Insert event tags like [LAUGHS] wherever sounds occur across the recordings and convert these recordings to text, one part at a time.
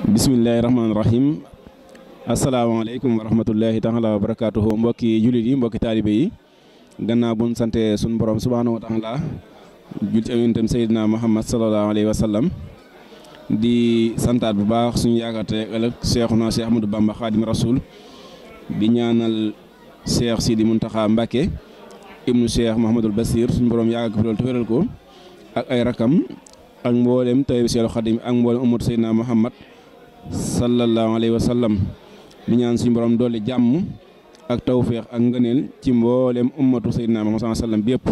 بسم الله الرحمن الرحيم السلام عليكم ورحمه الله تعالى وبركاته مبوكي جولي دي مبوكي طالبي غنا بون سانتي سون بروم سبحانه وتعالى جولتي انتم سيدنا محمد صلى الله عليه وسلم دي سانتات بو باخ سون ياغاتي الك شيخنا شيخ احمد بامبا خادم رسول دي نيانال شيخ سيدي منتخا مباكي ابن شيخ محمد البصير سون بروم ياغ فلول تويرالكو اك اي ركام اك مبولم تايب شيخ خادم اك مبول امور سيدنا محمد sallallahu alaihi wasallam sallam di ñaan suñu borom dolli jamm ak tawfiq ak ngeenel ci mboolem ummatu sayyidina Muhammad alaihi wasallam bepp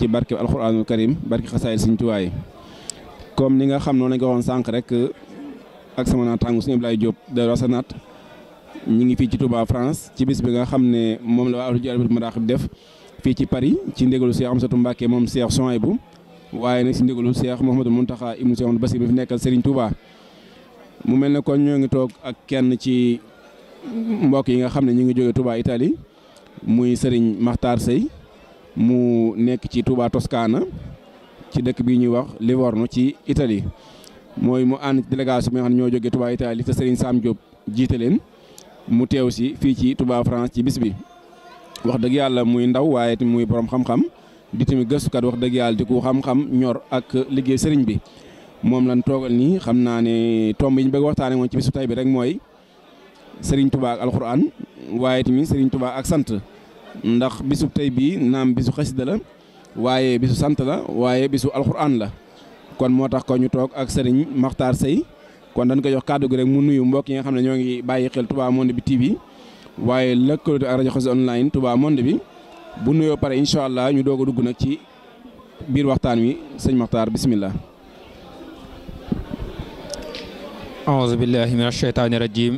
ci barke alquranul karim barke khasaayil suñu tuwaay comme ni nga xam non nga won sank rek ak sama na tangu suñu Ablaye job de Rasanaat ñi ngi fi ci Touba France ci bis bi nga xam ne la waa Ahlu Jawharatul def fi ci Paris ci ndegalu Cheikh Amsatou mbake mom Cheikh Souhaïbou waye nak ci ndegalu Cheikh mohammed muntaha ibnu Cheikh basir bi fi nekkal Serigne Touba mu mel ne kon ñoo ngi toog ak kenn ci mbokk yi nga xam ne ñu ngi jóge tubaa itali muy sëriñ Makhtar sëy mu nekk ci Touba Toscana ci dëkk bi ñuy wax Livorno ci Italie mooy mu ànd délégation bi nga xam ne ñoo jóge Touba Italie te Serigne Sam Diop jiite leen mu teew si fii ci Touba France ci bis bi wax dëgg yàlla muy ndaw waaye muy borom xam-xam di tamit gëstukat wax dëgg yàlla di ku xam-xam ñor ak liggéey sëriñ bi moom lan toogal nii xam naa ne tomb yi ñu bëgg waxtaane moom ci bisu tay bi rek mooy Serigne Touba ak alxuraan waaye tamit Serigne Touba ak sant ndax bisu tey bii naam bisu xasida la waaye bisu sant la waaye bisu alxuraan la kon moo tax ko ñu toog ak Serigne maxtaar Seye kon dañ ko jox kàddu gi rek mu nuyu mbokk yi nga xam ne ñoo ngi bàyyi xel Touba Monde bi TV waaye lëkkaloo ak rajo Xassida online Touba Monde bi bu nuyoo pare incha allah ñu doog a dugg nag ci biir waxtaan wi sëñ Makhtar bismillah أعوذ بالله من الشيطان الرجيم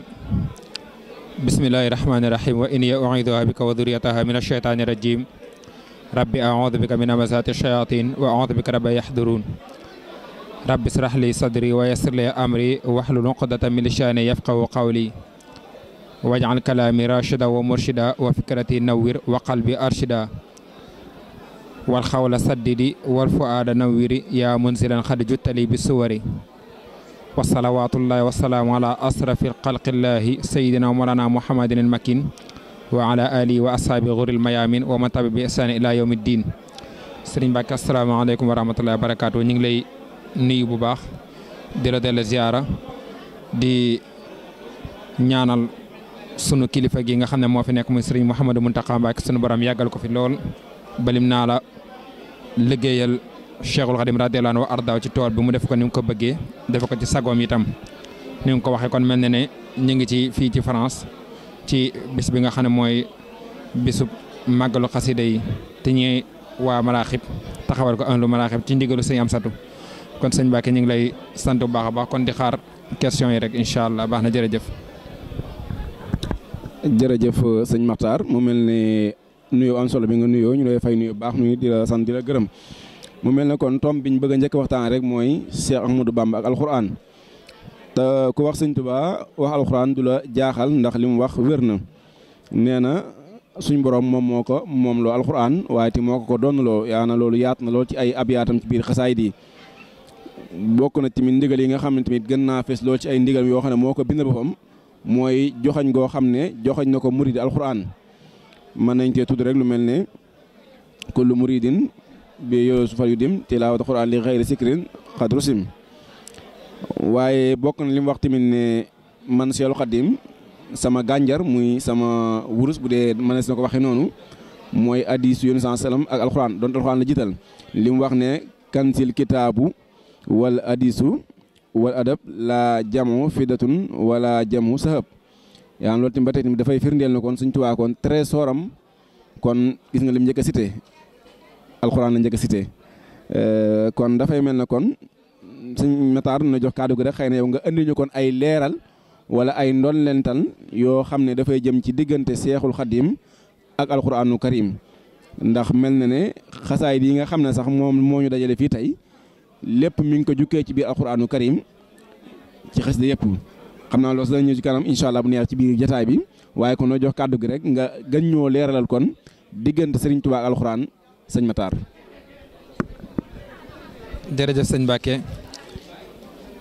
بسم الله الرحمن الرحيم وإني أعيذها بك وذريتها من الشيطان الرجيم ربي أعوذ بك من مزات الشياطين وأعوذ بك رب يحضرون ربي اشرح لي صدري ويسر لي أمري واحلل عقدة من لساني يفقه قولي واجعل كلامي راشدا ومرشدا وفكرتي نور وقلبي أرشدا والخول سددي والفؤاد نوري يا منزلا قد جدت لي بصوري وصلوات الله والسلام على أشرف خلق الله سيدنا ومولانا محمد المكين وعلى آله وأصحابه غر الميامين ومن تبع بإحسان إلى يوم الدين sëriñ Mbacke asalaamaaleykum wa rahmatullahi wa barakaatu ñu ngi lay nuyu bu baax di la dellu ziara di ñaanal sunu kilifa gi nga xam ne moo fi nekk muy sëriñ Mouhamadou Mountakha Mbacke sunu borom yàggal ko fi lool balim naa la liggéeyal cheikhul khadim radhiyallahu anhu ardaaw ci tool bi mu def ko ni ko bëggee def ko ci sagom itam ni ko waxee kon melni na ne ñu ngi ci fi ci France ci bis bi nga xam moy bisub magalu xasida yi te ñi wa Maraxib taxawal ko ahlu Maraxib ci ndigalu am Amsatu kon sëñ Mbacke ñi ngi lay sante bu baaxa baax kon di xaar question yi rek inshallah allah baax na jërëjëf. jërëjëf sëñ Makhtar mu melni ne am solo bi nga nuyoo ñu lay fay nuyu baax nuyu di la sante di la gërëm. mu mel ne kon tomb bi ñu bëgg a njëkk waxtaan rek mooy Cheikh Ahmadou Bamba ak alxuraan te ku wax sëñ Tuubaa wax alxuraan du la jaaxal ndax li mu wax wér na nee na suñ borom moom moo ko moom loo alxuraan waaye te moo ko ko doon loo yaa na loolu yaat na lool ci ay ab yaatam ci biir xasaayid di bokk na tamit ndigal yi nga xam ne tamit gën naa fees lool ci ay ndigal yoo xam ne moo ko bind boppam mooy joxañ goo xam ne joxañ na ko muridi alxuraan mën nañ cee tudd rek lu mel ne kullu muridin bi su fa yu dim tilawatul qur'an li ghayri sikrin qad rusim waye bok na lim wax ne man seelu qadim sama ganjar muy sama wurus budé man mënees na ko waxee noonu mooy hadiis yonent saa salaam ak alquran don alquran la jital lim wax ne wal hadiisu wal adab la jamu fidatun wala jamu sahab ya loolu lotim batay tey da fay firndel na kon seigne touba kon très soram kon gis nga lim jëk cité alxuraan la njëkk euh, kon dafay mel ne kon suñu mataar na jox kàddu gi rek xëy na yow nga indi ñu kon ay leeral wala ay ndon lental yoo xam ne dafay jëm ci diggante seexul xadim ak alxuraanu karim ndax mel na ne xasaay yi nga xam ne sax moom moo ñu dajale fii tey lépp mu ngi ko jukkee ci biir alxuraanu kariim ci xes de yëpp xam naa lool sax ñëw ci kanam incha allah bu neex ci biir jataay bi waaye kon noo jox kàddu gi rek nga gën ñoo leeralal kon diggante Serigne Touba sëñ Matar. jërëjëf sëñ Mbacke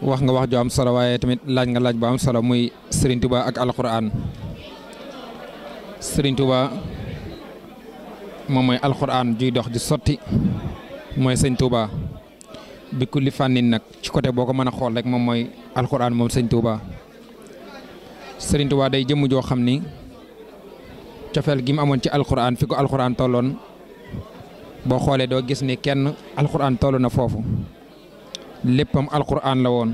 wax nga wax ju am solo waaye tamit laaj nga laaj bu am solo muy Serigne ak alxuraan Serigne moom mooy alxuraan juy dox di sotti mooy sëñ Touba bi kulli fànnin nag ci côté boo ko mën a xool rek moom mooy alxuraan moom sëñ Touba Serigne Touba day jëmm joo xam ni cofeel gi mu amoon ci alxuraan fi ko alxuraan tolloon. bo xolé do gis ni kenn alquran toll na foofu léppam alquran la won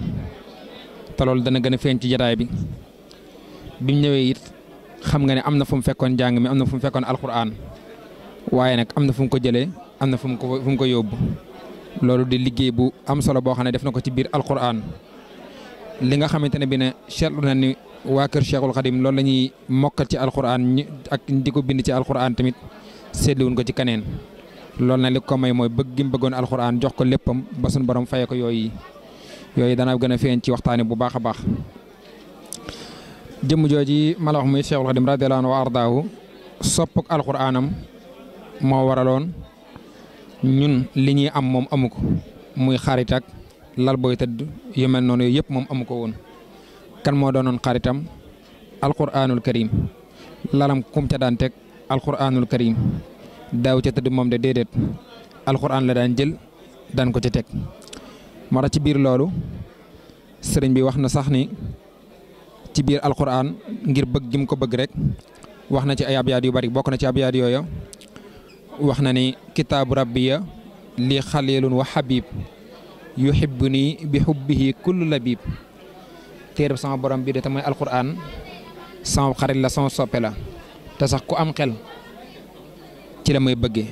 talol dana gëna fën ci jotaay bi bi ñëwé yit xam nga ni amna fu mu fekkon jàng mi amna fu mu fekkon alquran waye nak amna fu mu ko jëlé amna fu mu ko fu mu ko yóbbu lolu di liggéey bu am solo bo xamné def nako ci biir alquran li nga xamantene bi ne cheikh lu ni wa keur Cheikhul Khadim lolu lañuy mokal ci alquran ak diko bind ci alquran tamit sédlu wuñ ko ci kanen loolu na li ko may moy bëgg gim mu bëggoon alxuraan jox ko léppam ba sun borom faye ko yoy yooyu dana gëna feeñ ci waxtani bu baaxa baax jëm joji mal wax muy Cheikhul Khadim radhiyallahu anhu ardaahu sopuk alquranam mo waralon ñun li ñi am mom amuko muy xarit ak lal boy tëdd yu mel non yëpp mom amuko won woon kan moo doonoon xaritam alquranul karim lalam kum ca daan teg alxuraanul karim daw ci tedd mom de dedet alquran la dan jël dan ko ci tek mara ci bir lolu serigne bi waxna sax ni ci bir alquran ngir bëgg gi mu ko bëgg rek waxna ci ayab yaad yu bari bok na ci ayab yaad yoyo waxna ni kitab rabbiya li Khalilun wa Habib yuhibbuni bi hubbihi kullu labib téereb sama borom bi de tamay alquran sama xarit la sama soppe la sax ku am xel ci la may bëggee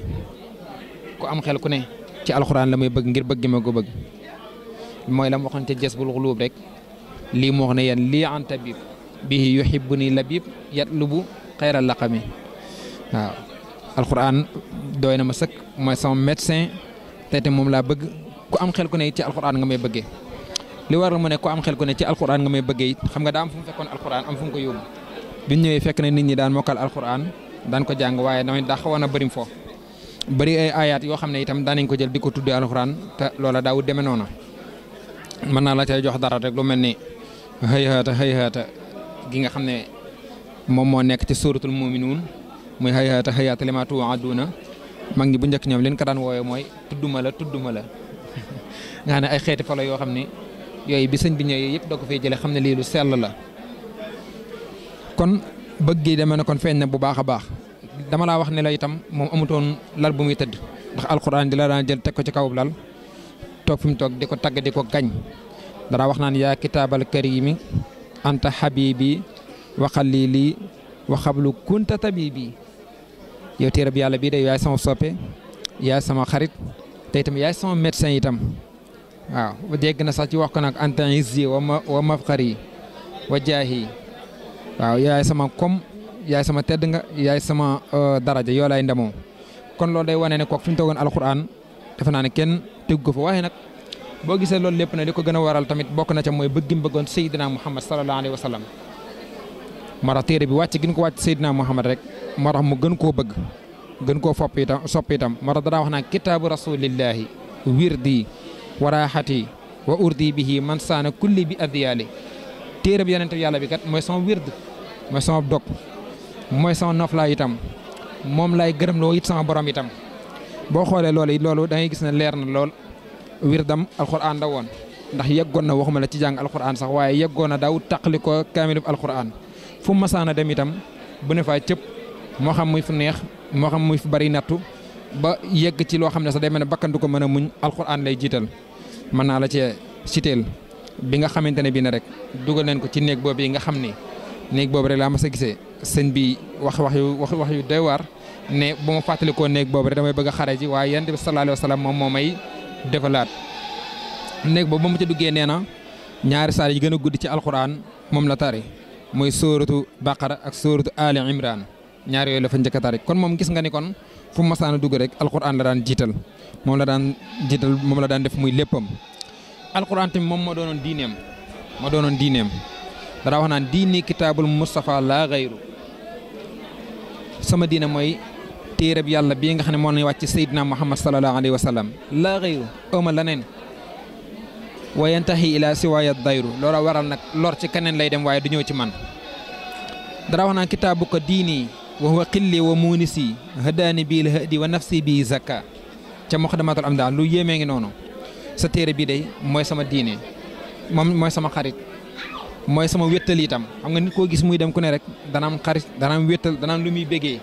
ku am xel ku ne ci alxuraan la may bëgg ngir bëgg ma ko bëgg mooy la mu waxoon ca jas bul xuluub rek lii moo wax ne yéen lii an tabib bihi yuhibbuni labib yatlubu xayra laqami waaw alxuraan doy na ma sëkk mooy sama médecin tey te moom laa bëgg ku am xel ku ne ci alxuraan nga may bëggee li waral mu ne ku am xel ku ne ci alxuraan nga may bëggee it xam nga daa am fu mu fekkoon alxuraan am fu ko yóbbu bi ñëwee fekk na nit ñi daan mokkal alxuraan daan ko jàng waaye na damay daa xawoon a bërim fo bari ay ayaat yoo xam ne itam daanañ ko jël di ko tuddee alxuraan te loola daawu demee noona naa la cay jox dara rek mel ni hayhaata hayhaata gi nga xam ne moom moo nekk ci suuratul muminuun muy hayhaata hayhaata lima tuwaaduna mag ñi bu njëkk ñoom leen ko daan wooyee mooy tudduma la tudduma la [LAUGHS] nga xam ne ay xeeti folo yoo xam ne yooyu bi sëñ bi ñëwee yëpp da ko fay jëlee xam ne lii lu sell la kon bëgg yi dama nekkoon feeñ na bu baaxa baax dama la wax ne la itam moom amutoon lal bu muy tëdd ndax alxuraan dila daan jël teg ko ci kawub lal toog fi mu toog di ko tagg di ko gañ dara wax naan yaa kitaabal karimi anta habibi wa xalili wa xablu kunta tabibi yow téere bi yàlla bii de yaay sama soppe yaay sama xarit te itam yaay sama médecin itam waaw dégg na sax ci wax ko nag anta izzi wa ma wa mafxari wa jaahi waaw yaay sama kom yaay sama tedd nga yaay sama euh, daraja yoo laay ndemoo kon loolu day wane ne kooku fi mu toogoon alxuraan defe naa ne kenn tegu ko fa waaye nag boo gisee loolu lépp na li ko gën a waral tamit bokk na ca mooy bëggim bëggoon Seydina Muhammad sallallahu alayhi wa sallam moo tax téere bi wàcc gi ñu ko wàcc Seydina Muhammad rek ma tax mu gën koo bëgg gën koo fopp itam sopp itam moo tax danaa wax naa kitaabu rasulillahi wirdi waraaxati wa urdi bihi man saana kulli bi téere bi yonente yàlla bi kat mooy sama wird mooy sama dog mooy sama noflaay itam moom laay gërëm loo it sama borom itam boo xoolee loolu it loolu da gis ne leer na lool wirdam alxuraan la woon ndax yeggoon na waxuma la ci jàng alxuraan sax waaye yeggoon na daaw taqali ko kaamilu alxuraan fu mu masaan a dem itam bu ne faa cëpp moo xam muy fu neex moo xam muy fu bari nattu ba yegg ci loo xam ne sax day mel ne bakkan ko mën a muñ alxuraan lay jiital mën naa la cee siteel bi nga xamantene ne ne rek dugal nañ ko ci neeg bobu yi nga xamni neeg bobu rek la ma sa gisee sëñ bi wax wax yu wax wax yu doy war ne bu ma ko neeg bobu rek damay bëgg xare ji waye yeen bi sallallahu alayhi wasallam mom momay defalat neeg bobu néeg mu ci duggé nee ñaari saar yi gëna gudd ci alquran mom la tari moy suratu baqara ak suratu ali imran ñaar yoy la fa ñëk tari kon mom gis nga ni kon fu ma saana dugg rek alquran la daan jital mom la daan jital mom la daan def muy leppam alquran tamit moom moo doonoon diineem moo doonoon diineem dara wax naan diini kitaabul Moustapha laa xayru sama diine mooy téereb yàlla bii nga xam ne moo lañu wàcc Seydina Muhammad sallallahu alayhi wa sallam laa xayru ëma leneen wa yantahi ila siwaaya dayru loola waral nag lor ci keneen lay dem waaye du ñëw ci man dara wax naan kitaabu ko diini wa huwa xilli wa muunisi hadaani bii la hëdi wa nafsi bii zakka ca muqadamatul am daal lu yéemee ngi noonu sa téere bii day mooy sama diine moom mooy sama xarit mooy sama wéttal tam xam nga nit koo gis muy dem ku ne rek dana am xarit dana am wéttal dana lu muy bégee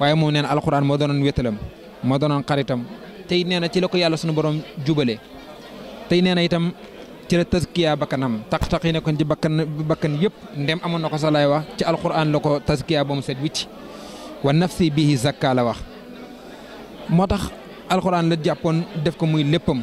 waaye moom nee na alxuraan moo doonoon wéttalam moo doonoon xaritam tey nee na ci la ko yàlla sunu borom jubale tey nee na itam ci la taskiya bakkanam taq tax yi nekkoon ci bakkan bakkan yëpp ndem amoon na ko sa lay wax ci alxuraan la ko taskiya ba mu set wicc wa nafsi bihi zakka la wax moo tax alxuraan la jàppoon def ko muy léppam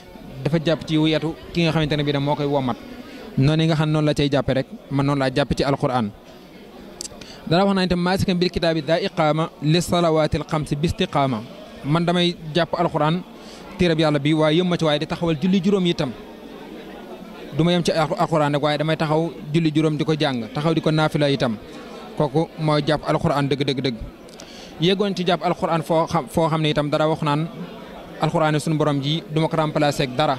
dafa jàpp ci yetu ki nga xamante ne bii moo koy womat noonu yi nga xam noonu la cay jàppe rek man noonu laa jàpp ci alquran dara wax naa itam maasikan bil kitaabi daa iqaama li salawaatil xamsi bi istiqaama man damay jàpp alquran téereb yàlla bi waaye yëmma ci waaye di taxawal julli juróom yi itam du ma yem ci alquran rek waaye damay taxaw julli juróom di ko jàng taxaw di ko naafila itam kooku mooy jàpp alquran dëgg dëgg dëgg yeggoon ci jàpp alxuraan suñu borom ji du ko remplacer ak dara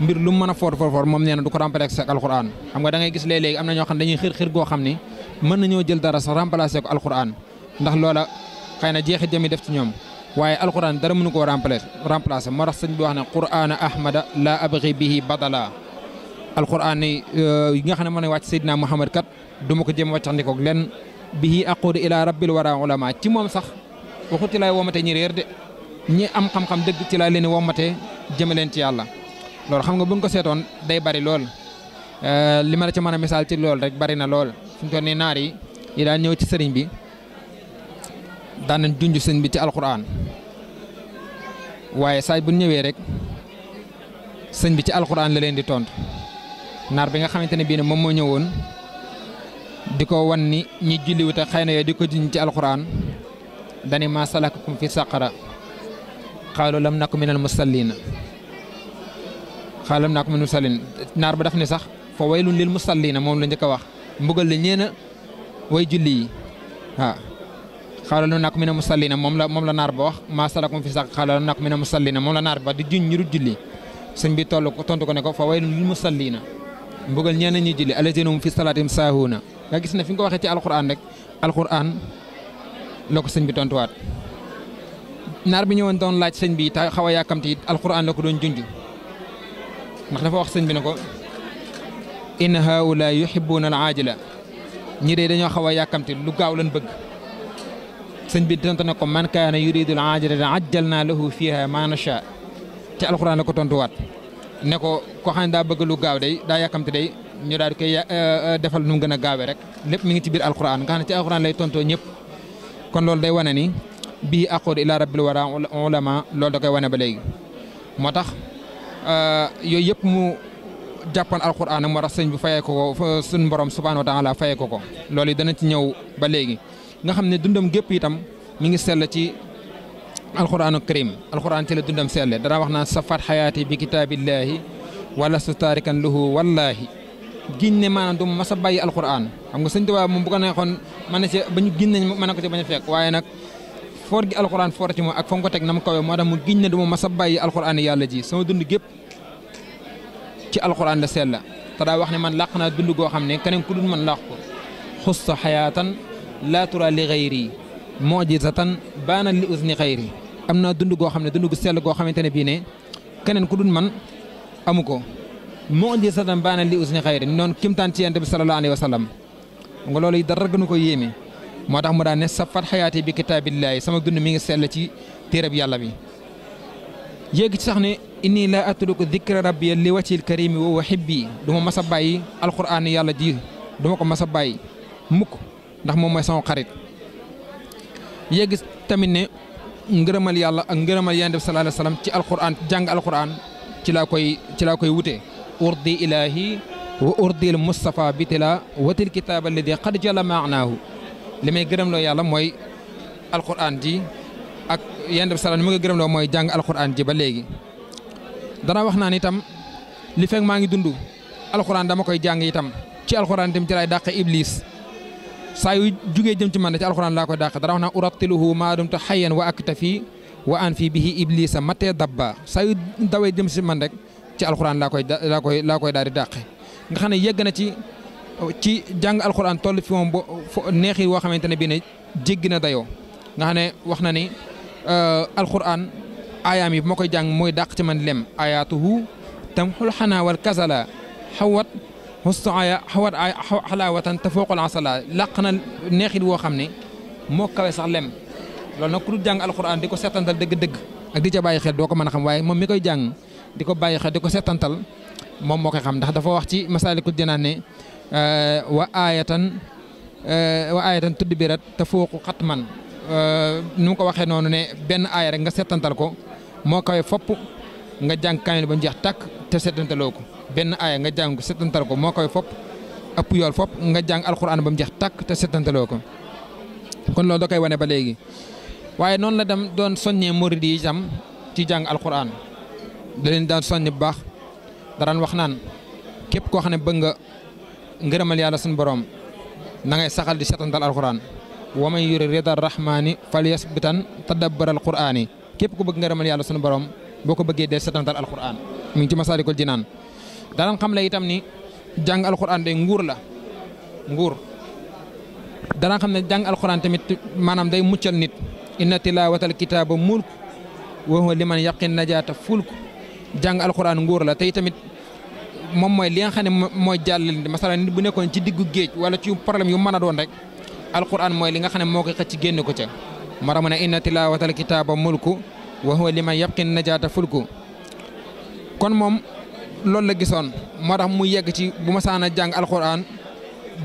mbir lu mu for for for moom nee na du ko remplacer ak alxuraan xam nga da ngay gis léeg-léeg am na ñoo xam ne dañuy xir xir goo xam ne mën nañoo jël dara sax remplacer ko alxuraan ndax loola xëy na jami def ci ñoom waaye alxuraan dara mënu koo remplacer remplacer moo tax sëñ bi wax ne quraana ahmada la abri bihi badala alxuraan yi nga xam ne mën a wàcc Seydina Muhammad kat du ma ko jëm wàccandikoog lenn bihi aqudu ila rabbil wara ulama ci moom sax waxu ci lay womate ñi réer de ñi am xam-xam dëgg ci laa leen wommatee jëme leen ci yàlla loolu xam nga bu ko seetoon day bari lool euh, li ma la ci mën a misaal ci lool rek bari na lool fi mu toll nii naar yi yi daan ñëw ci sëriñ bi daan nañ junj sëñ bi ci alquran waaye saaj bu ñëwee rek sëñ bi ci alquran la leen di tontu naar bi nga xamante ne bii ne moom moo ñëwoon di ko won ni ñi julliwute xëy na yooyu di ko junj ci alquran dani ma salakakum fi saqara xaalu la naku min al musallina xaalu lam naku min al musallina naar ba daf ne sax fa waylun lil musallina moom la njëkk a wax mbugal la ñeena way julli yi waaw xaalu lam naku min al musallina moom la moom la naar ba wax maa salakum fi sax xaalu lam mu min al musallina moom la naar ba di juñ ñu julli sëñ bi toll ko tontu ko ne ko fa waylun lil musallina mbugal ñeena ñuy julli allazina hum fi salaatihim saahuuna nga gis na fi nga waxee ci alquran rek alquran la ko sëñ bi tontuwaat نار بي نيوان دون لاج سيغ بي تا خاوا ياكامتي القران لاكو دون جونجو ناخ دافا واخ سيغ بي نكو ان هؤلاء يحبون العاجله ني دي دانيو خاوا ياكامتي لو غاو لن بغ سيغ بي تانتا نكو مان كان يريد العاجله عجلنا له فيها ما نشاء تي القران لاكو تونتو وات نكو كو خان دا بغ لو غاو دي دا ياكامتي دي ñu daal di koy eh, eh, defal nu mu gën a gaawee rek lépp mi ngi ci biir alquran nga xam ne ci alquran bii aquur ila rabbil wara ulama loolu da koy wane ba léegi moo tax euh, yooyu yëpp mu jàppoon alquran moo tax sëñ bi fayee ko ko suñ borom subhanahu wa taala fayee ko ko loolu yi dana ci ñëw ba léegi nga xam ne dundam gépp itam mu ngi sell ci alquranu karim alquran ci la dundam selle dana wax naa safat xayaati bi kitaabillahi wala su kan lahu wallahi giñ ne maanaam du ma sa bàyyi alquran xam nga sëñ Tuubaa moom bu na ci ba ñu ci foor gi alxuraan foor ci moom ak fa mu na mu kawe moo tax mu giñ ne du ma mas a bàyyi alxuraan yàlla ji sama dund gépp ci alxuraan la sell te daa wax ne man làq naa dund goo xam ne keneen ku dul man làq ko xusta xayaatan laa tura li xayri mojisatan baana li usni xayri am naa dund goo xam ne dund gu sell goo xamante ne bii ne keneen ku dul man amu ko mojisatan baana li usni xayri noonu kimtaan ci yonent bi sallallahu alayhi wa sallam nga loolu yi dara gënu moo tax mu daan ne sa fat xayaate bi kitaabillahi sama dund mi ngi sell ci téereb yàlla bi yéegi ci sax ne inni la atruku dikra rabbi li wacil karimi wa wahibbi du ma mas a bàyyi alquran yàlla ji du ma ko mas a bàyyi mukk ndax moom mooy sama xarit yéegi tamit ne ngërëmal yàlla ak ngërëmal yonent sallallahu alayhi wasallam ci alquran jàng alquran ci laa koy ci laa koy wutee urdi ilahi wa urdi al mustafa bitila watil kitaaba alladi qad jala maanaahu li may gërëm loo yàlla mooy alquran ji ak yenn salaan li ma ko gërëm loo mooy jàng alquran ji ba léegi. dana wax naa ni itam li fekk maa ngi dund alquran dama koy jàng itam ci alquran itam ci laay dàqe iblis saa yu jugee jëm ci man ci alquran laa koy dàqe dana wax naa urattiluhu maa dumtu xayyan wa aktafi wa an fii bihi iblisa matee dabba saa yu dawee jëm si man rek ci alquran laa koy laa koy laa di dàqe nga xam ne yegg na ci. ci jàng alxuraan toll fi moom boo neexi woo xamante ne bii ne jéggi na dayoo nga xam ne wax na ni alxuraan aayaam yi bu koy jàng mooy dàq ci man lem aayaatuhu tam xul wal kasala xawat xustu aaya xawat aaya xalaawatan te fooqul asala làq na neexit woo xam ne kawe sax lem loolu nag ku jàng alxuraan di ko seetantal dëgg-dëgg ak di ca bàyyi xel doo ko mën xam waaye moom mi koy jàng di ko xel di ko seetantal moom koy xam ndax dafa wax ci masaalikul jinaan wa aayatan eh, wa aayatan tudd birat te fooqu xatman eh, nu mu ko waxee noonu ne benn aaya rek nga setantal ko moo kawe fopp nga jàng kaamil ba njeex te setantaloo ko benn aaya nga jàng ko ko moo kawe fopp ëpp yool fopp nga jàng alxuraan ba mu jeex tàkk te setantaloo ko kon lool da koy wane ba léegi waaye noonu la dem doon soññee murid yi itam ci jàng alxuraan da leen daan soññ bu baax daraan wax naan képp koo xam ne bëgg nga ngërëmal yàlla sun borom na ngay saxal di setantal alquran wa man yuri rida rahman falyasbitan tadabbaral qur'aani kep ku bëgg ngërëmal yàlla sun borom boko ko de dee al alquran mi ngi ci jinan da lan xam la itam ni jang alquran de ngour la da lan xam ne jàng alquran tamit manam day muccal nit inna tilaawatal Kitab mulk wa huwa liman yaqin najata fulk jang alquran ngour la tay tamit moom mooy li nga xam ne mooy jàllale masala nit bu nekkoon ci diggu géej wala ci problème yu mën a doon rek alquran mooy li nga xam ne moo koy ci génn ko ca mara mu ne inna tilaawatal kitaaba mulku wa huwa liman yabqi najaata fulku kon moom loolu la gisoon moo mu yegg ci bu ma saan jàng alquran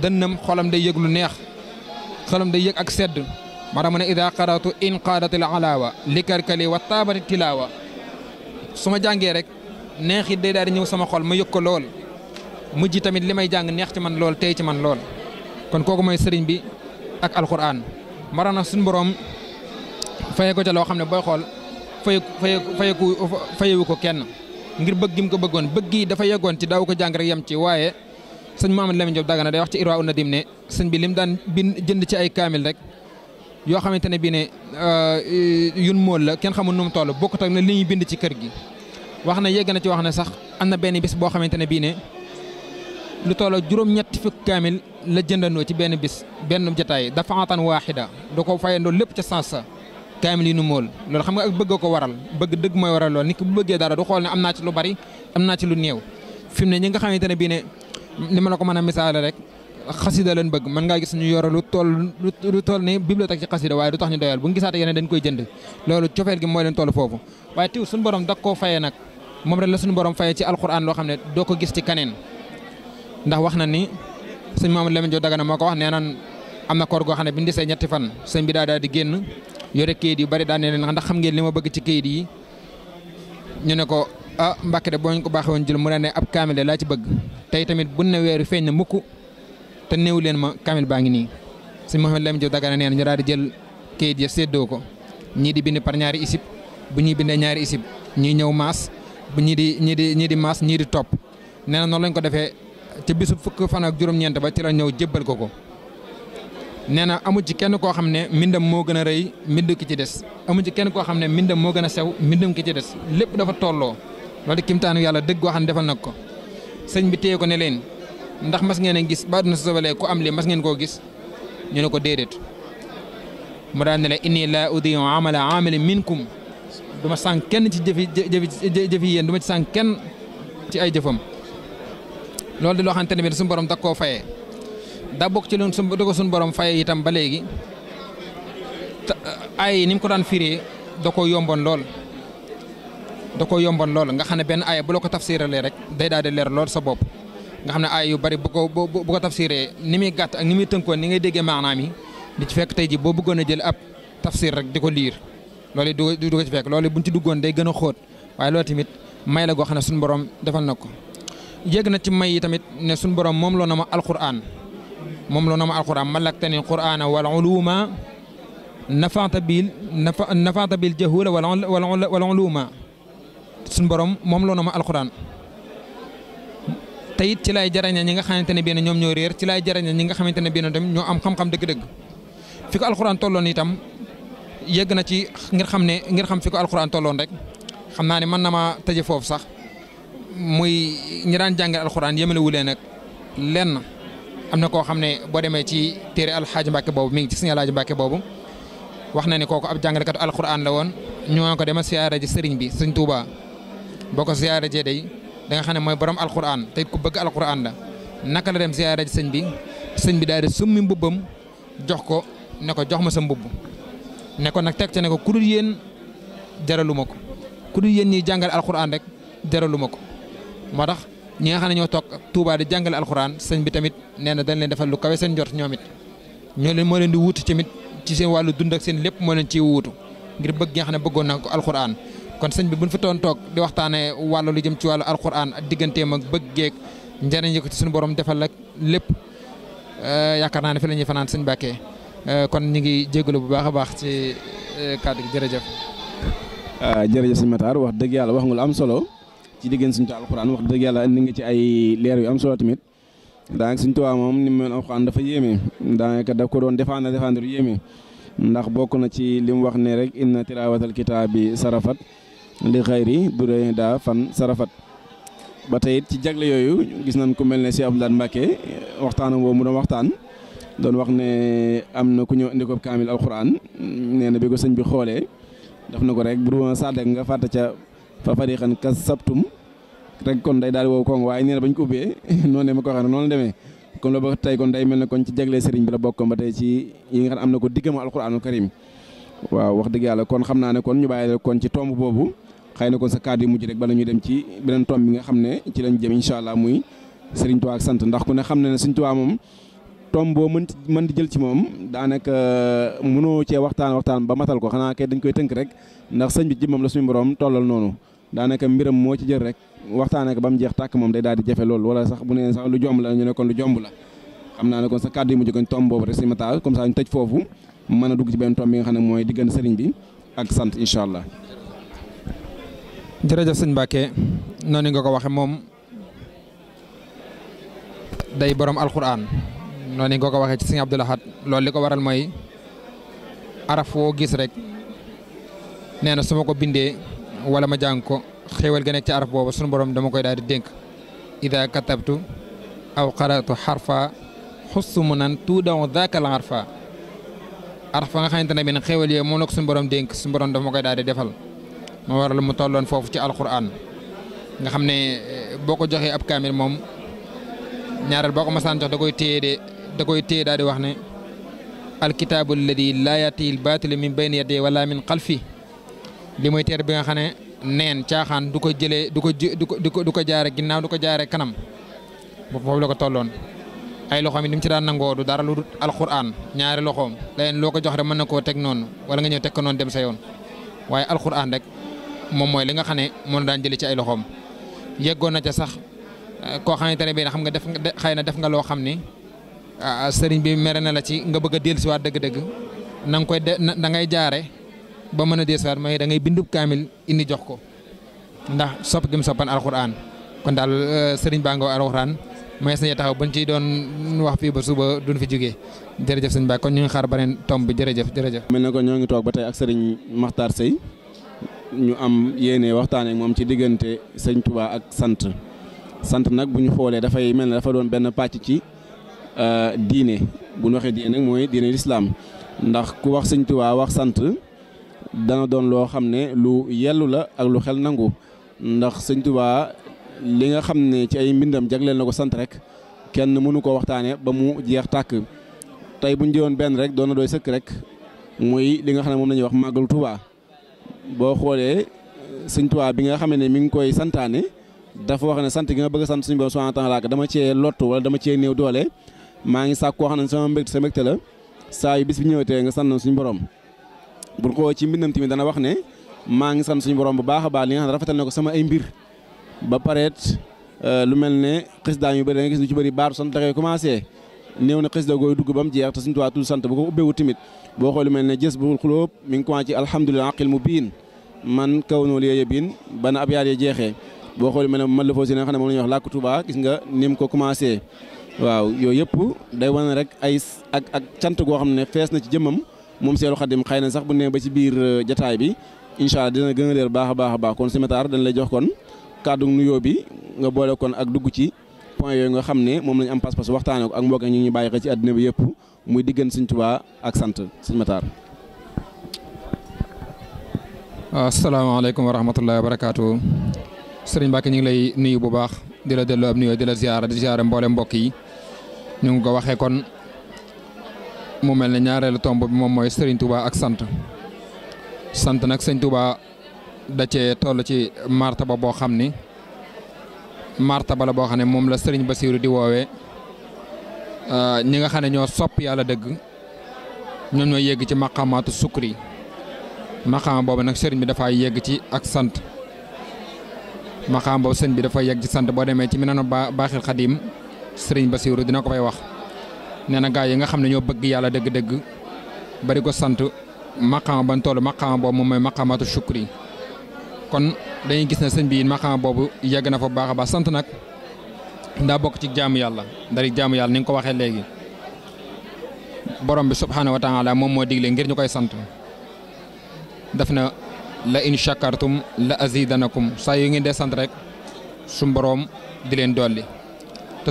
dënnam xolam day yëg lu neex xolam day yëg ak sedd mara mu ne ida qaratu in qaadatil alaawa likarkali wa taabati tilaawa su ma jàngee rek neex yi dey daal di ñëw sama xol ma yëg ko lool mujj tamit li may jàng neex ci man lool tey ci man lool kon kooku mooy sëriñ bi ak alxuraan mara na suñu borom faye ko ca loo xam ne booy xool faye fayeku fayewu ko kenn ngir bëgg gi ko bëggoon bëgg yi dafa yeggoon ci daaw ko jàng rek yem ci waaye sëñ Mouhamadou Lamine Diop Dagana day wax ci Irwa na ne sëñ bi lim daan bin jënd ci ay kaamil rek yoo xamante ne bii ne euh, yun mool la kenn xamul nu mu toll bokkut ak ne li ñuy bind ci kër gi. wax na yegg na ci wax ne sax am na benn bis boo xamante ne bii ne lu toll juróom-ñetti fukk kaamil la jëndandoo ci benn bis benn jataay dafa atan waaxida da ko fayandoo lépp ca sa kaamil yi nu xam nga ak bëgg ko waral bëgg dëgg mooy waral lool nit ki bëggee dara du xool ne am naa ci lu bari am naa lu néew fi mu ñi nga xamante ne bii ne ni ma la ko rek xasida leen bëgg mën ngaa ñu yore lu toll lu toll ne bibliothèque ci xasida waaye du tax ñu doyal bu ñu gisaate yeneen dañ koy jënd foofu waaye tiw suñu borom da koo fayee nag moom rek la suñu borom fayee ci alquran loo xam ne doo ko gis ci kaneen ndax wax na ni sëñ Mamadou Lamine Diop Dagana moo ko wax nee naan am na kor goo xam ne bi ñu desee ñetti fan sëñ bi daa daal di génn yore kayit yu bari daan ne leen ndax xam ngeen li ma bëgg ci kayit yi ñu ne ko a ah, Mbàkke de boo ñu ko baaxee woon jël mu ne ne ab kaamil de laa ci bëgg tey tamit bu ne weeru feeñ na mukk te néew leen ma kaamil baa ngi nii sëñ Mamadou Lamine Diop Dagana nee na ñu daal di jël kayit ya séddoo ko ñii di bind par ñaari isib bu ñuy bindee ñaari isib ñii ñëw maas ñii di ñii di ñii di maas ñii di topp neena noon noonu ko defee ca bisu fukk fan ak juróom-ñeent ba ci la ñëw jébbal ko ko nee na amu ci kenn koo xam ne mbindam moo gën a rëy mbind ki ci des amu ci kenn koo xam ne mbindam moo gën a sew mbindam ki ci des lépp dafa tolloo loolu kimtaanu yàlla dëgg goo xam ne defal nag ko sëñ bi téye ko ne leen ndax mas ngeen a gis ba dina sobalee ku am lii mas ngeen koo gis ñu ne ko déedéet mu daal ne la inni laa udiyu amala duma sang sànq kenn ci jëfi jëfi yéen yeen duma ci sang kenn ci ay jëfam loolu di loo xamante bi sun borom da ko fayé da bok ci loon sun da sun borom fayé itam ba légui ay nim ko daan firé da ko yombon lool da ko yombon lool nga xam ben ay bu la ko tafsiralee rek day daal di lér lool sa bop nga xam ay yu bari bu ko bu ko tafsiré ni muy gàtt ak ni muy tënkoon ni ngay déggé maanaam di ci fekk tay ji bo bëggoon jël ab tafsir rek diko lire loolu it du ko ci fekk loolu buñ ci duggoon day gën a xóot waaye loolu tamit may la goo xam ne suñu borom defal na ko yéeg na ci may yi tamit ne suñu borom moom loo na ma alquran moom loo na ma alquran malaktani qurana wal uluma nafaata bil nafaata bil jahula wal uluma suñu borom moom loo na ma alquran te it ci laay jaraña ñi nga xamante ne benn ñoom ñoo réer ci laay jaraña ñi nga xamante ne benn tamit ñoo am xam-xam dëgg-dëgg fi ko alquran tolloon itam yegg na ci ngir xam ne ngir xam fi ko alxuraan tolloon rek xam naa ne man na maa tëje foofu sax muy ñi daan jàngal alxuraan yemale wu leen ak lenn am na koo xam ne boo demee ci téere alxaaji Mbàkke boobu mi ngi ci suñu alxaaji Mbàkke boobu wax na ne kooku ab jàngalekatu alxuraan la woon ñu ko dema siyaare ji sëriñ bi sëriñ Tuuba boo ko siyaare jee day da nga xam ne mooy borom alxuraan te it ku bëgg alxuraan la naka la dem siyaare ji sëñ bi sëñ bi daal di summi mbubbam jox ko ne ko jox ma sa mbubb ne ko nag teg ca ne ko ku yéen jaraluma ko ku dul yéen ñiy jàngale alxuraan rek jaraluma ko moo tax ñi xam ne ñoo toog tuubaa di jàngale alxuraan sëñ bi tamit nee na dañ leen defal lu kawe seen njort ñoom it ñoo leen moo leen di wuutu tamit ci seen wàllu dund ak seen lépp moo leen ciy wuutu ngir bëgg nga xam ne bëggoon na ko alxuraan kon sëñ bi buñ fa doon toog di waxtaanee wàllu lu jëm ci wàllu alxuraan ak digganteem ak bëggeeg njëriñ ko ci seen borom defal ak lépp eh, yaakaar naa ne fi la fanaan sëñ Bakke Euh, kon ñu ngi jégalu bu baax a baax ci euh, kàddu gi jërëjëf. Euh, jërëjëf sëñ Matar wax dëgg yàlla wax nga la am solo ci diggéen suñu Tuubaa alxuraan wax dëgg yàlla indi nga ci ay leer yu am solo tamit daanaka suñu Tuubaa moom ni mu mel alxuraan dafa yéeme daanaka daf ko doon défendre défendre yu yéeme ndax bokk na ci li wax ne rek inna tilaawatal kitaabi sarafat li xayri durée daa fan sarafat ba tey ci jagle yooyu gis nañ ku mel ne si Abdoulaye Mbacke waxtaanam boobu mu doon waxtaan. doon wax ne am na ku ñëw indi ko kaamil alxuraan nee na bi ko sëñ bi xoolee daf na ko rek bu dul sàddeek nga fàtte ca fa xan kas sabtum rek kon day daal di wow koŋŋ waaye nee na bañ ko ubbee [LAUGHS] noonu ma ko waxee noonu la demee kon loolu ba tey kon day mel ne kon ci jagle sëriñ bi la bokkoon ba tey ci yi nga xam ne am na ko diggam alxuraanu karim waaw wax dëgg yàlla kon xam naa ne kon ñu bàyyi kon ci tomb boobu xëy na kon sa kàddu yu mujj rek bala ñu dem ci beneen bi nga xam ne ci lañ jëm incha allah muy sëriñ Tuubaa ak sant ndax ku ne xam na ne sëriñ Tuubaa moom tomb boo mën mën di jël ci moom daanaka euh, mënoo cee waxtaan waxtaan ba matal ko xanaa kay dañ koy tënk rek ndax sëñ bi jëmmam la suñu borom tollal noonu daanaka mbiram moo ci jël rek waxtaan ak ba mu jeex tàkk moom day daal di jafe loolu sax bu neen sax lu jomb la ñu lu jomb la naa ne kon sa kàddu yi mujj mata comme ça ñu tëj foofu mën a ne mooy diggante sëriñ bi ak sant incha allah. jërëjëf sëñ Mbacke noonu nga ko waxee moom borom alquran noonu nga ko waxee ci sëñ Abdou Lahad loolu li ko waral mooy araf woo gis rek nee na su ma ko bindee wala ma jàng ko xéewal ga nekk ci araf boobu sunu borom dama koy daal di dénk ida katabtu aw qaratu xarfa xusumu nan tuudaw daaka la xarfa araf nga xamante ne bi nag xéewal yooyu moom la ko sunu borom dénk koy daal di defal ma waral mu tolloon foofu ci alquran nga xam ne eh, boo ko joxee ab kaamil moom ñaareel boo ko masaan jox da koy téye de da koy téye daal di wax ne alkitaabu alladi laa yaati l baatilu min walla yadee wala min xalfi li mooy teer bi nga xam ne nen caaxaan du ko jëlee du ko du ko du ko jaare ginnaaw du ko jaare kanam foofu la ko tolloon ay loxoom yi ni mu ci daan nangoo du dara lu dul alxuraan ñaari loxoom leneen loo ko jox rek mën na koo teg noonu wala nga ñëw teg ko noonu dem sa yoon waaye alxuraan rek moom mooy li nga xam ne moom daan jële ci ay loxoom yeggoon na ca sax koo xamante ne bii xam def nga xëy na def nga loo xam ni Ah, ah sëriñ bi mere na la ci nga bëgg a dellusiwaat dëgg-dëgg na koy de da ngay jaare ba mën a dellusiwaat mooy da ngay bindub kaamil indi jox ko ndax sopp gi mu soppan alxuraan kon daal euh, sëriñ baa nga alxuraan may sañ taxaw buñ ci doon wax fii ba suba duñ fi jógee jërëjëf sëñ Ba ñu xaar beneen tomb bi jërëjëf jërëjëf. mel na ko ñoo ngi toog ba tey ak sëriñ Makhtar Seye ñu am yéene waxtaan ak moom ci diggante sëñ Touba ak sant sant nag bu ñu xoolee dafay mel ne dafa doon benn pàcc ci. Euh, diine bu ñu waxee diine nag mooy diine lislaam ndax ku wax sëñ Tuubaa wax sant dana doon loo xam ne lu yellu la ak lu xel nangu ndax sëñ Tuubaa li nga xam ne ci ay mbindam jagleel na ko sant rek kenn mënu koo waxtaane ba mu jeex tàkk tey bu ñu benn rek doon na doy sëkk rek mooy li nga xam ne moom la wax màggalu Tuubaa boo xoolee sëñ Tuubaa bi nga xam ne mi ngi koy santaane dafa wax ne sant gi nga bëgg sant suñu borom subhaanahu wa taala dama cee lottu wala dama cee néew doole maa ngi sàkk koo xam ne sama mbégte sa mbégte la saa yu bis bi ñëwatee nga sant suñu borom bu ko ci mbindam tamit dana wax ne maa ngi sant suñu borom bu baax a baax li nga xam ne rafetal ne ko sama ay mbir ba pareet euh, lu mel ne xasida yu bëri nga gis lu ci bëri baatu sant da ngay commencé néew na xasida gooy dugg ba mu jeex te suñu tuwaa tudd sant bu ko ubbeewu tamit boo xool lu mel ne jës bu xulóob mi ngi commencé ci alhamdulilah aqil mu biin man kaw noolu yee ba bana ab yaat yee jeexee boo xool lu mel ne man la foo si nga xam ne moom nga ni mu ko commencé waaw yooyu yëpp day wane rek ay ak ak cant goo xam ne fees na ci jëmmam moom Seexul Xadim xëy na sax bu ne ba ci biir euh, jataay bi incha allah dina gën a leer baax a baax a baax kon simetaar dañ lay jox kon kàddu nuyoo bi nga boole kon ak dugg ci point yooyu nga xam ne moom lañu am pas-pas waxtaane ko ak mbokk ñu ñu bàyyi ko ci àddina bi yëpp muy diggante Sëñ Tuubaa ak sant Sëñ Matar. waaw asalaamaaleykum wa rahmatullahi wa barakaatu. Sëriñ Mbacke ñu ngi lay nuyu bu baax di la delloo ab nuyoo di la ziara di mbokk yi. ñu ngi ko waxee kon mu mel ne ñaareelu tomb bi moom mooy Serigne Touba ak sant sant nag Serigne Touba da cee toll ci ba boo xam ni ba la boo xam ne moom la ba Bassirou di woowee euh, ñi nga xam ne ñoo sopp yàlla dëgg ñoom ñoo yegg ci maqaamaatu sukri maqaama boobu nag sëriñ bi dafay yegg ci ak sant maqaama boobu Serigne bi dafa yegg ci sant boo demee ci mi nanu baaxil xadim sëriñ Basiiru dina ko koy wax nee na gaa yi nga xam ne ñoo bëgg yàlla dégg dëgg bari ko sant maqaama ban toll maqaama boobu moom mooy maqaamatu shukri kon dañuy gis ne sëñ bi maqaama boobu yegg na fa baax a baax sant nag ndaa bokk ci jaamu yàlla ndari jaamu yàlla ni nga ko waxee léegi borom bi subhaanahu wa taala moom moo digle ngir ñu koy sant daf na la in shakartum la azidanakum saa yu ngeen dee sant rek su borom di leen dolli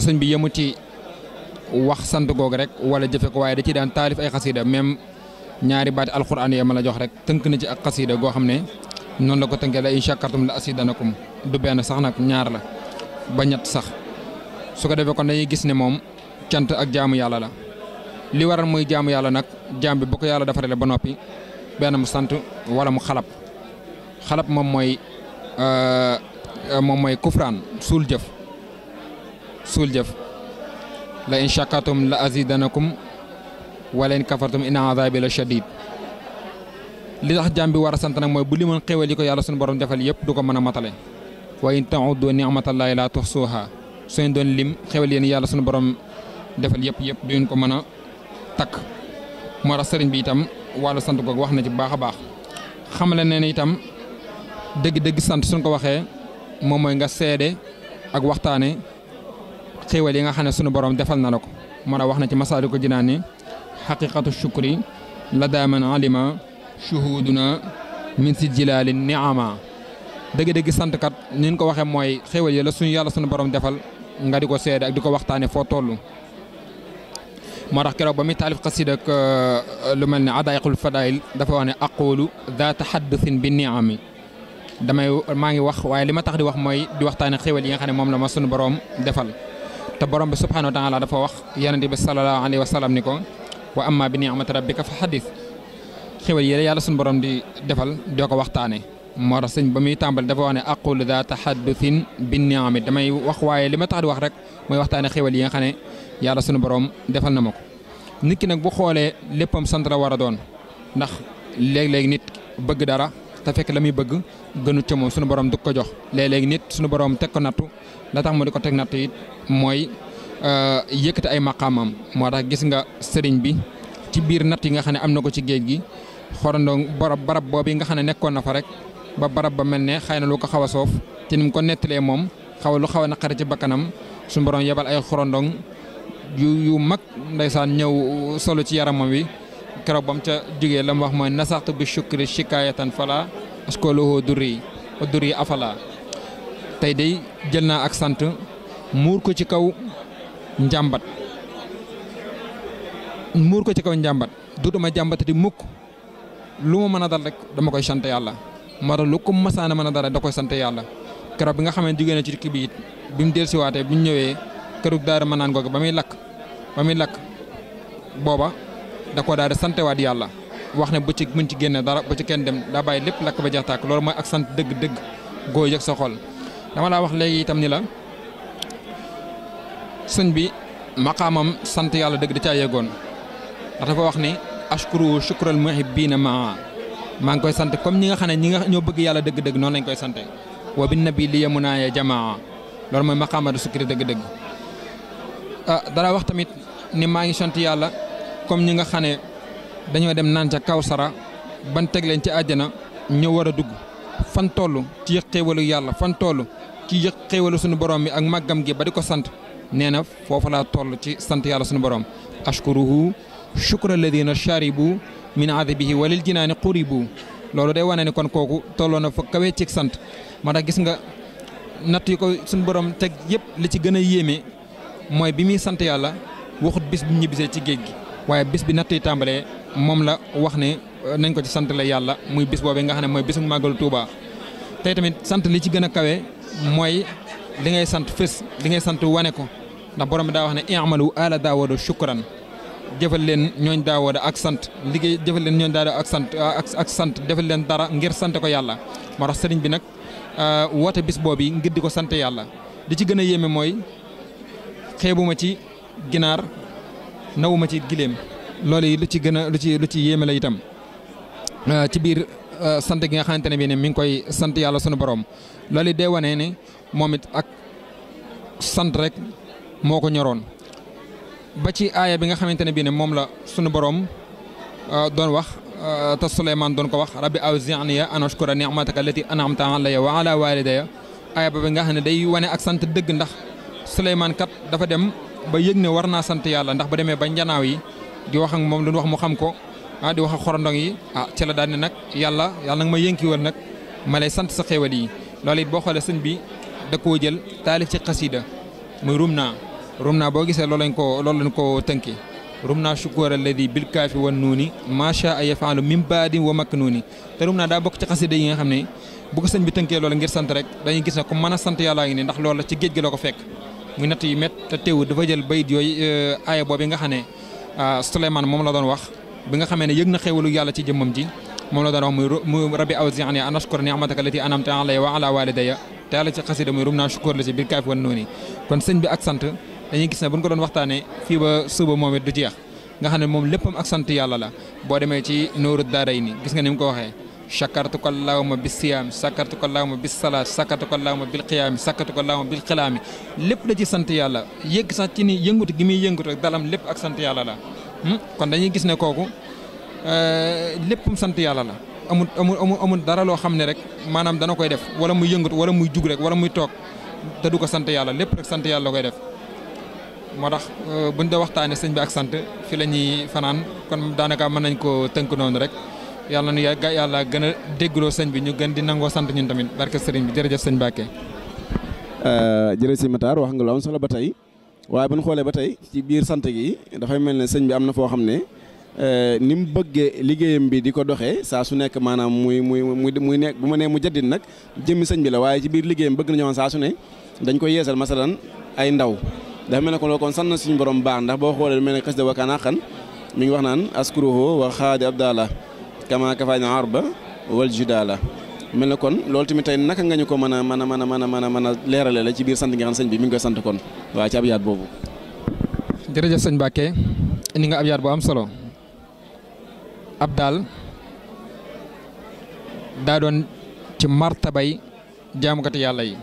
te bi yemu ci wax sant googu rek wala jëfe ko waaye da ciy daan taalif ay xasida même ñaari baati alquran yi ma la jox rek tënk na ci ak xasida goo xam ne noonu la ko tënkee la in shakartum la asidanakum du benn sax nag ñaar la ba ñett sax su ko defee kon dañuy gis ne moom cant ak jaamu yàlla la li waral muy jaamu yàlla nag jaam bi bu ko yàlla defaree ba noppi benn mu sant wala mu xalab xalab moom mooy euh, moom mooy kufraan suul jëf suul jëf la in shakartum la azidanakum wala in kafartum inna azabi la shadid li tax jaam bi war a sant nag mooy bu limoon xéwal yi ko yàlla suñu borom defal yëpp du ko mën a matale wa in taudu ni'matallahi la tuhsuha su ngeen doon lim xéwal yéen yàlla suñu borom defal yëpp yëpp du ngeen ko mën a takk moo tax sëriñ bi itam wàllu sant googu wax na ci bu baax a baax xamale ne ne itam dëgg-dëgg sant suñ ko waxee moom mooy nga seede ak waxtaane xéewal yi nga xam ne sunu borom defal na la ko moo tax wax na ci masaalu ko jinaan ni xaqiqatu shukri la daaman alima shuhuduna min si jilaali niama dëgg-dëgg sant kat ni ñu ko waxee mooy xéewal yi la suñu yàlla sunu borom defal nga di ko seede ak di ko waxtaane foo toll moo tax keroog ba muy taalif xasiid ak lu mel ne adaayiqul fadaayil dafa wax ne aqulu daa taxaddusin bi niami damay maa ngi wax waaye li ma tax di wax mooy di waxtaane xéewal yi nga xam ne moom la ma sunu borom defal te borom bi subhanahu wa taala dafa wax yonent bi sallallahu alayhi wa sallam ni ko wa amma bi ni'mati rabbika fa xadis xéwal yi yàlla suñu borom di defal doo ko waxtaanee moo tax sëñ ba muy tàmbali dafa wax ne aqulu daa taxadduthin bi ni'ami damay wax waaye li ma tax di wax rek mooy waxtaanee xéwal yi nga xam ne yàlla suñu borom defal na ma ko. nit ki nag bu xoolee léppam sant la war a doon ndax léeg-léeg nit bëgg dara te fekk la muy bëgg gënu ca moom suñu borom du ko jox léeg-léeg nit suñu borom teg ko nattu la tax mu di ko teg nattu it mooy euh, yëkkati ay maqaamam moo tax gis nga sëriñ bi ci biir natt yi nga xam ne am na ko ci géej gi xorandoo barab barab yi nga xam ne nekkoon na fa rek ba barab ba mel ne xëy na lu ko xaw a soof te ni mu ko nettalee moom xaw lu xaw a naqari ci bakkanam su borom yebal ay xorandong yu yu mag ndeysaan ñëw solo ci yaramam wi keroog ba ca jógee la mu wax mooy nasaxtu bi shukri shikaayatan fala askoloho durri durri afala tey day jël naa ak sant muur ko ci kaw njàmbat muur ko ci kaw njàmbat dutuma jàmbatati mukk lu mu mën a dal rek dama koy sant yàlla moo tax lu ko masaana mën a dal rek da koy sant yàlla keroog bi nga xamante jógee na ci dikk bi it bi mu dellusiwaatee bi ñu ñëwee kërug daara mën naan googu ba muy lakk ba muy lakk booba da koo daal di santewaat yàlla wax ne bu ci mën ci génne dara bu ci kenn dem daa bàyyi lépp lakk ba jeex tàkk loolu mooy ak sant dëgg-dëgg góoy yëg sa xol dama laa wax léegi sëñ bi maqaamam sant yàlla dëgg da caa yegoon ndax dafa wax ni ashkuru bii na maa maa ngi koy sant comme ñi nga xam ne ñi nga ñoo bëgg yàlla dëgg-dëgg noonu lañ koy sante wa bin nabi naa yamunaaya jamaa loolu mooy maqaamatu sukri dëgg-dëgg ah dara wax tamit ni maa ngi sant yàlla comme ñi nga xam ne dañoo dem naan ca Kawsara ban teg leen ci àjjana ñu war a dugg fan toll ci xéewalu yàlla fan toll ci xéewalu sunu borom bi ak màggam gi ba ko sant nee na foofu laa toll ci sant yàlla sunu borom ashkuruhu shukra alladina sharibu min adabihi walil jinaani quribu loolu day wane ni kon kooku tolloo na fa kawee ci sant moo tax gis nga natt yi ko sunu borom teg yëpp li ci gën a yéeme mooy bi muy sant yàlla waxut bis bi ñibbisee ci géej gi waaye bis bi natt yi tàmbalee moom la wax ne euh, nañ ko ci sant la yàlla muy bis boobee nga xam ne mooy bisu màggalu Tuuba tey tamit sant li ci gën kawe mooy li ngay sant fés li ngay sant wane ko ndax borom bi daa wax ne i'malu ala daawooda shukran jëfal leen ñooñ daawooda ak sant liggéey jëfal leen ñooñ daawooda ak sant ah, ak sant defal leen dara ngir sant ko yàlla moo tax sëriñ bi nag ah, woote bis boobu yi ngir di ko sant yàlla di ci gën a yéeme mooy xeebuma ci ginaar nawuma ci giléem loolu yi lu ci gën a lu ci lu ci yéeme la itam ah, ci biir sant gi nga xamante ne bii ne mi ngi koy sant yàlla sunu borom loolu yi dee moom it ak sant rek moo ko ñoroon ba ci aaya bi nga xamante ne bii ne moom la sunu boroom euh, doon wax euh, te Suleymaan doon ko wax rabbi awzi'ni neex ma ni'mataka allati an'amta alayya wa ala walidayya aaya ba bi nga xam ne day wane ak sant dëgg ndax Suleymaan dafa dem ba yëg ne war naa sant yàlla ndax ba demee ba njanaaw yi di wax moom lu wax mu xam ko ah, di wax ak yi ah ci la daal nag yàlla yàlla nag ma yënkiwal nag ma lay sant sa yi loolu it bi da koo jël taalif ci xasida muy rumna rumna boo gisee loolu lañ ko loolu lañ ko tënki rumna shukur alladi bil kaafi wan nuuni macha a yafaalu min baadi wa maknuuni te rumna daa bokk ci xasida yi nga xam ne bu ko sëñ bi tënkee loolu ngir sant rek dañuy gis ne ku mën sant yàllaa ngi ndax loolu ci géej gi la fekk muy natt yu met te teew dafa jël bayit yooyu aaya boobu nga xam ne Souleymane moom la doon wax bi nga xamee ne yëg na yàlla ci jëmmam ji moom la doon wax muy rabbi awzi'ni an ashkura ni'mataka allati an'amta alayya wa ala walidayya te yàlla ci xasida muy rum naa sukkoor la ci biir kaaf wan noonu kon sëñ bi ak sant dañuy gis ne bu ñu ko doon waxtaanee fii ba suba moom it du jeex nga xam ne moom léppam ak sant yàlla la boo demee ci nooru daara yi ni gis nga ni mu ko waxee sakartu ko laawma bi siyaam sakartu ko laawma bi salaat sakartu ko laawma bil xiyaami sakartu ko laawma bil xilaami lépp da ci sant yàlla yëgg sax ci ni yëngutu gi muy yëngutu ak dalam lépp ak sant yàlla la hmm? kon dañuy gis ne kooku euh, léppam sant yàlla la amul amul amul dara loo xam ne rek maanaam dana koy def wala muy yëngatu wala muy jug rek wala muy toog te du ko sant yàlla lépp rek sant yàlla la koy def moo tax euh, buñ da waxtaanee sëñ bi ak sant fi la ñuy fanaan kon daanaka mën nañ koo tënk noonu rek yàlla nu yàgg yàlla gën a déggloo sëñ bi ñu gën di nangoo sant ñun tamit barke sëriñ bi jërëjëf sëñ Mbacke. Euh, jërëjëf si Matar wax nga lu solo ba tey waaye bu ñu xoolee ba tey ci biir sant gi dafay mel ne sëñ bi am na foo xam ne. Euh, ni mu bëggee liggéeyam bi di ko doxee saa su nekk maanaam muy muy muy muy nekk bu ma nee mu jaddit nag jëmmi sëñ bi la waaye ci biir liggéeyam bëgg nañoo saa su ne dañ koy yeesal masalan ay ndaw dafa mel ne ko kon sant na suñu borom baax ndax boo xoolee mel ne xas de wakaan àqan ngi wax naan askuruhu wa xaadi abdallah kama kafaana arba wal judala mel na kon loolu tamit naka nga ñu ko mën a mën a mën a mën a mën a mën a leerale la ci biir sant nga xam señ bi mu ngi koy sant kon waaye ci ab yaat boobu jërëjëf sëñ ni nga ab bu am solo ab daal daa doon ci martabay jaamukati yàlla yi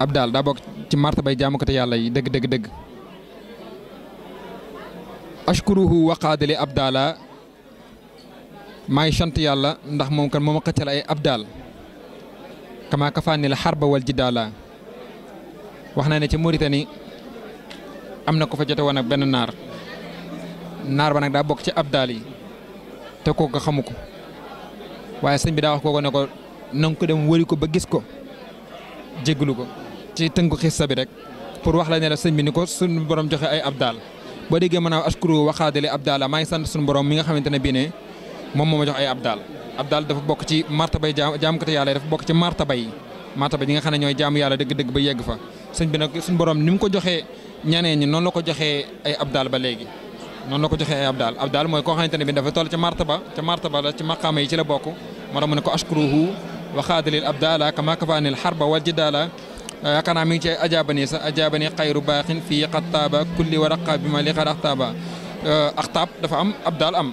ab daal daa bokk ci martabay jaamukati yàlla yi dégg dëgg dëgg ashkuruhu waqaadali ab daala maa ngi sant yàlla ndax moom kan mooma xëccal ay ab daal kama kafaani la xarba wal wax na ne ca Mauritanie am na ko fa jote woon ak benn naar naar ba nag daa bokk ci ab abdaal yi te kooku xamu ko waaye sëñ bi daa wax kooku ne ko na ko dem wëri ko ba gis ko jégalu ko ci tënku xissa sabi rek pour wax la ne la sëñ bi ni ko suñu borom joxe ay abdaal boo déggee maanaam askuru waxaadale abdaal maa ngi sant suñu borom mi nga xamante ne bii ne moom moo ma jox ay ab daal dafa bokk ci martabay jaam te yàlla dafa bokk ci bay yi martaba yi nga xam ne ñooy jaamu yàlla dëgg-dëgg ba yegg fa sëñ bi nag suñu borom ni mu ko joxee ñaneen ñi noonu la ko joxee ay abdaal ba léegi non la ko joxe abdal abdal moy ko xamanteni bi dafa toll ci martaba ci martaba la ci maqaama yi ci la bokk mo tax mu ne ko ashkuruhu wa khadil al abdala kama kafani al harba wal jidala yakana mi ci ajabani sa ajabani xayru baqin fi qattaba kulli waraqa bima li ma lii xaada dafa am abdal am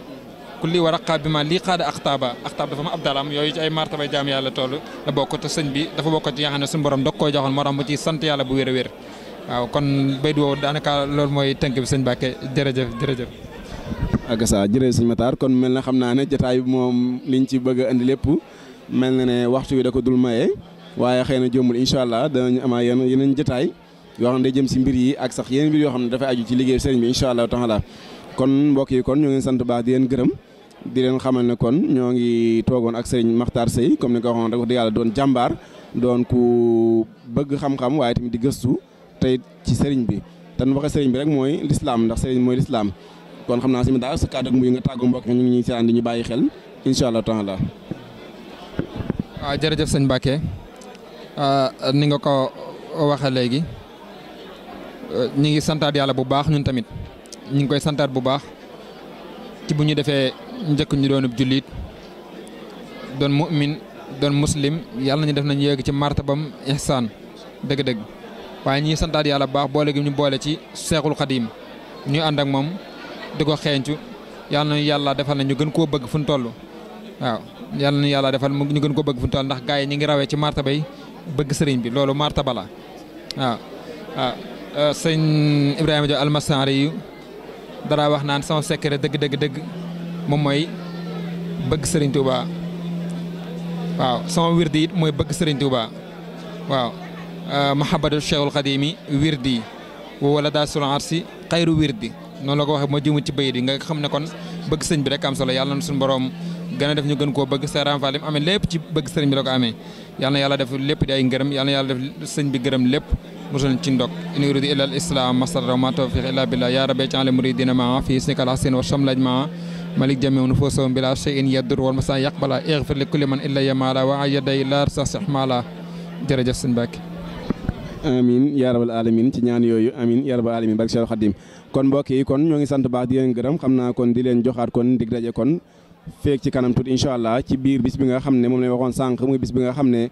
kulli waraqa bima li qad lii xaada dafa am abdal am yoy ci ay martaba jam yàlla toll la bokk te sëñ bi dafa bokk ci nga sun borom dok koo joxoon moo tax ci sante yàlla bu wér wér waaw kon bayt woowu daanaka lool mooy tënk bi sëñ Mbacke jërëjëf jërëjëf. ak sa jërëjëf sëñ Matar kon mel na xam naa ne jataay bi moom liñ ci bëgg a indi lépp mel na ne waxtu wi da ko dul maye waaye xëy na jombul incha allah danañu amaa yenn yeneen jotaay yoo xam ne day jëm si mbir yi ak sax yeneen mbir yoo xam ne dafay aju ci liggéey sëriñ bi incha allah taala kon mbokk yi kon ñoo ngi sant baax di yen gërëm di leen xamal ne kon ñoo ngi toogoon ak sëriñ Makhtar Seye comme ni ko waxoon yàlla doon jàmbaar doon bëgg xam-xam tamit di gëstu tey ci sëriñ bi te nu waxee sëriñ bi rek mooy lislaam ndax sëriñ mooy lislaam kon xam naa si daal sa kàddu ak muy nga tàggu mbokk ñu ngi ñu bàyyi xel incha allah taala. waaw ah, jërëjëf sëñ Mbacke ah, ni nga ko waxee léegi ah, ñu ngi santaat yàlla bu baax ñun tamit ñu ngi koy santaat bu baax ci bu ñu defee njëkk ñu doonub jullit doon mu'min doon muslim yàlla ñu def nañu yéeg ci martabam ihsaan dëgg-dëgg. waye ñi santaat yàlla bu baax boole gi ñu boole ci cheikhul qadim ñu and ak mom di ko nju yàlla na yàlla defal na ñu gën ko bëgg fuñ tollu waaw yalla ñu yalla defal ñu gën ko bëgg fuñ ñu toll ndax gaay ñi ngi rawé ci martaba yi bëgg sëriñ bi loolu martaba la waaw waaw euh, sëñ ibrahim Dia almasari dara wax naan sama secret deug deug deug mom moy bëgg sëriñ Touba waaw sama wirdi it bëgg sëriñ Touba waaw mahabatu cheikh al xadimi wirdi wala daa sul arsi xayru wirdi noonu la ko waxee ma jëmu ci bayit yi nga xam ne kon bëgg sëñ bi rek am solo yàlla na suñu borom gën a def ñu gën koo bëgg seeram fa lim amee lépp ci bëgg sëriñ bi la ko amee yàlla na yàlla def lépp di ay ngërëm yàlla na yàlla def sëñ bi gërëm lépp musul ci ndog in uridu illa al islam masarra ma tawfiq illa billah ya rabbi ja'al muridina ma fi isnikal hasin wa shamlaj ma malik jami'un fusum bila shay'in yadur wal masa yaqbala ighfir li kulli man illa yamala wa ayyada illa rasah mala jërëjëf sëñ Mbacke amin ya rabbal alamin ci ñaan yoyu amin ya rabbal alamin barke cheikh khadim kon mbokk yi kon ñoo ngi sant baax di leen gëreem xamna kon di leen joxaat kon dig dajé kon feek ci kanam tout inshallah ci biir bis bi nga xamne ne lay waxon sank muy bis bi nga xamne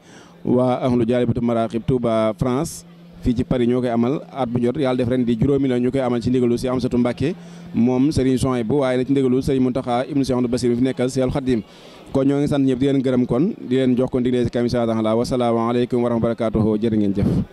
ne ahlu jalibatu maraqib Touba France fi ci Paris ñokay amal at bu jot yalla def ren di juroomi la ñu amal ci ndigalu si Amsatu Mbàkke mom Serigne soye bu waaye la ci ndigalu Serigne Mountakha Ibnu Cheikh Ahmadou fi nekkal cheikh khadim kon ñoo ngi sant ñep di leen kon di leen jox kon dig ci ci allah wa salaamu alaykum wa rahmatulah jeer ngeen jëf